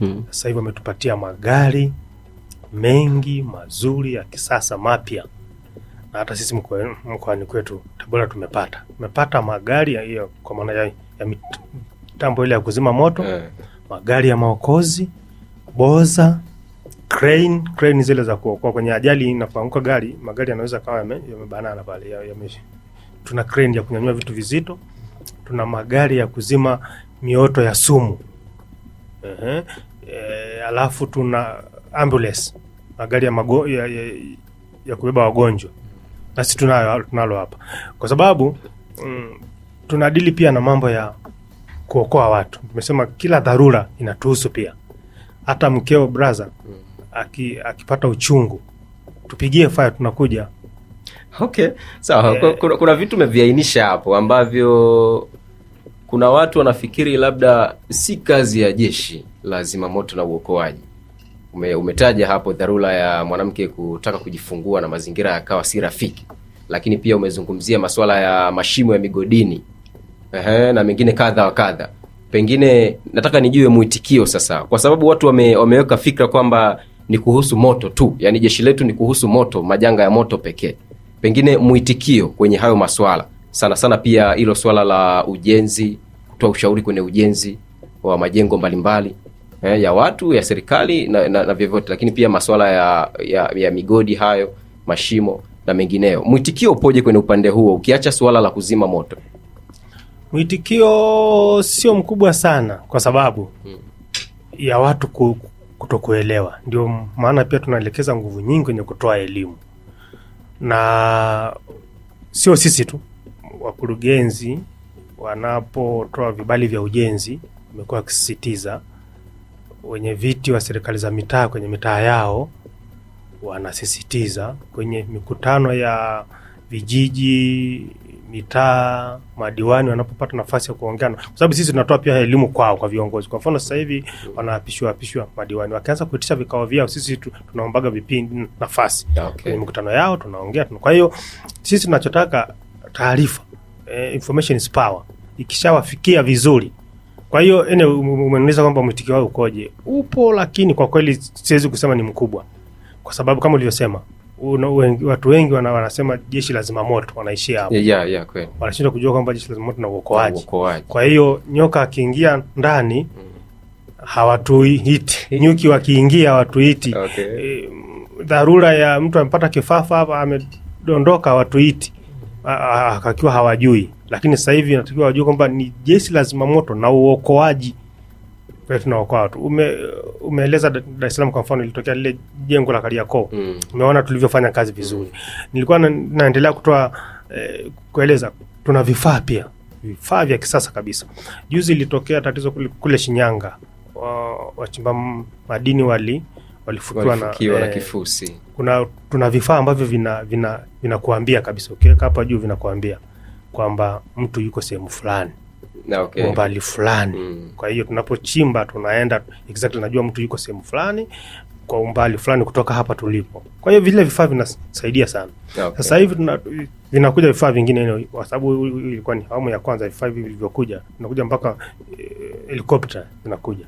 mm. Sasa hivi wametupatia magari mengi mazuri ya kisasa mapya, na hata sisi mkoani kwetu Tabora tumepata tumepata magari ya hiyo, kwa maana ya, ya mitambo ile ya kuzima moto mm. magari ya maokozi boza crane crane zile za kuokoa kwenye ajali, inapoanguka gari, magari yanaweza kawa yamebanana yame pale yame, tuna crane ya kunyanyua vitu vizito, tuna magari ya kuzima mioto ya sumu. -huh eh, alafu tuna ambulance magari ya, mago, ya, ya, ya kubeba wagonjwa nasi tunayo tunalo hapa, kwa sababu mm, tunadili pia na mambo ya kuokoa watu. Tumesema kila dharura inatuhusu pia, hata mkeo brother aki, akipata uchungu tupigie faya, tunakuja. Okay, sawa. So, eh, kuna, kuna vitu umeviainisha hapo ambavyo kuna watu wanafikiri labda si kazi ya jeshi la zimamoto na uokoaji. Ume, umetaja hapo dharura ya mwanamke kutaka kujifungua na mazingira yakawa si rafiki, lakini pia umezungumzia masuala ya mashimo ya migodini ehe, na mengine kadha wa kadha. Pengine nataka nijue mwitikio sasa, kwa sababu watu wame, wameweka fikra kwamba ni kuhusu moto tu, yani jeshi letu ni kuhusu moto, majanga ya moto pekee. Pengine mwitikio kwenye hayo maswala sana sana pia hilo swala la ujenzi, kutoa ushauri kwenye ujenzi wa majengo mbalimbali eh, ya watu ya serikali na, na, na vyovyote, lakini pia masuala ya, ya, ya migodi hayo mashimo na mengineyo. Mwitikio upoje kwenye upande huo, ukiacha suala la kuzima moto? Mwitikio sio mkubwa sana kwa sababu hmm, ya watu ku, kutokuelewa. Ndio maana pia tunaelekeza nguvu nyingi kwenye kutoa elimu, na sio sisi tu, wakurugenzi wanapotoa vibali vya ujenzi wamekuwa wakisisitiza wenye viti wa serikali za mitaa kwenye mitaa yao wanasisitiza kwenye mikutano ya vijiji, mitaa, madiwani wanapopata nafasi ya kuongeana kwa sababu sisi tunatoa pia elimu kwao, kwa viongozi. Kwa mfano sasa hivi wanaapishwa apishwa madiwani, wakianza kuitisha vikao vyao, sisi tunaombaga vipindi nafasi okay, kwenye mikutano yao tunaongea. Kwa hiyo sisi tunachotaka taarifa eh, information is power, ikishawafikia vizuri. Kwa hiyo ene, um, um, umeniuliza kwamba mwitikio wao ukoje? Upo, lakini kwa kweli siwezi kusema ni mkubwa, kwa sababu kama ulivyosema watu wengi wana, wanasema jeshi la zimamoto wanaishia hapo. yeah, yeah, kweli wanashindwa kujua kwamba jeshi la zimamoto na uokoaji. Kwa hiyo nyoka akiingia ndani mm. hawatuiti nyuki wakiingia hawatuiti. okay. E, dharura ya mtu amepata kifafa hapa amedondoka hawatuiti. Ah, ah, ah, akiwa hawajui, lakini sasa hivi natakiwa wajue kwamba ni jeshi la zimamoto na uokoaji tunaokoa watu. Ume, umeeleza Dar es Salaam kwa mfano ilitokea lile jengo la Kariakoo mm. Umeona tulivyofanya kazi vizuri mm. Nilikuwa na, naendelea kutoa eh, kueleza tuna vifaa pia vifaa vya kisasa kabisa. Juzi ilitokea tatizo kule, kule Shinyanga wachimba madini wali walifukiwa na, na eh, kifusi. Kuna tuna vifaa ambavyo vina vina vinakuambia kabisa, ukiweka hapa juu vinakuambia kwamba mtu yuko sehemu fulani okay, umbali fulani mm. Kwa hiyo tunapochimba tunaenda exactly, najua mtu yuko sehemu fulani kwa umbali fulani kutoka hapa tulipo. Kwa hiyo vile vifaa vinasaidia sana okay. Sasa hivi vinakuja vifaa vingine, kwa sababu ilikuwa ni awamu ya kwanza, vifaa hivi vilivyokuja vinakuja mpaka helikopta eh, zinakuja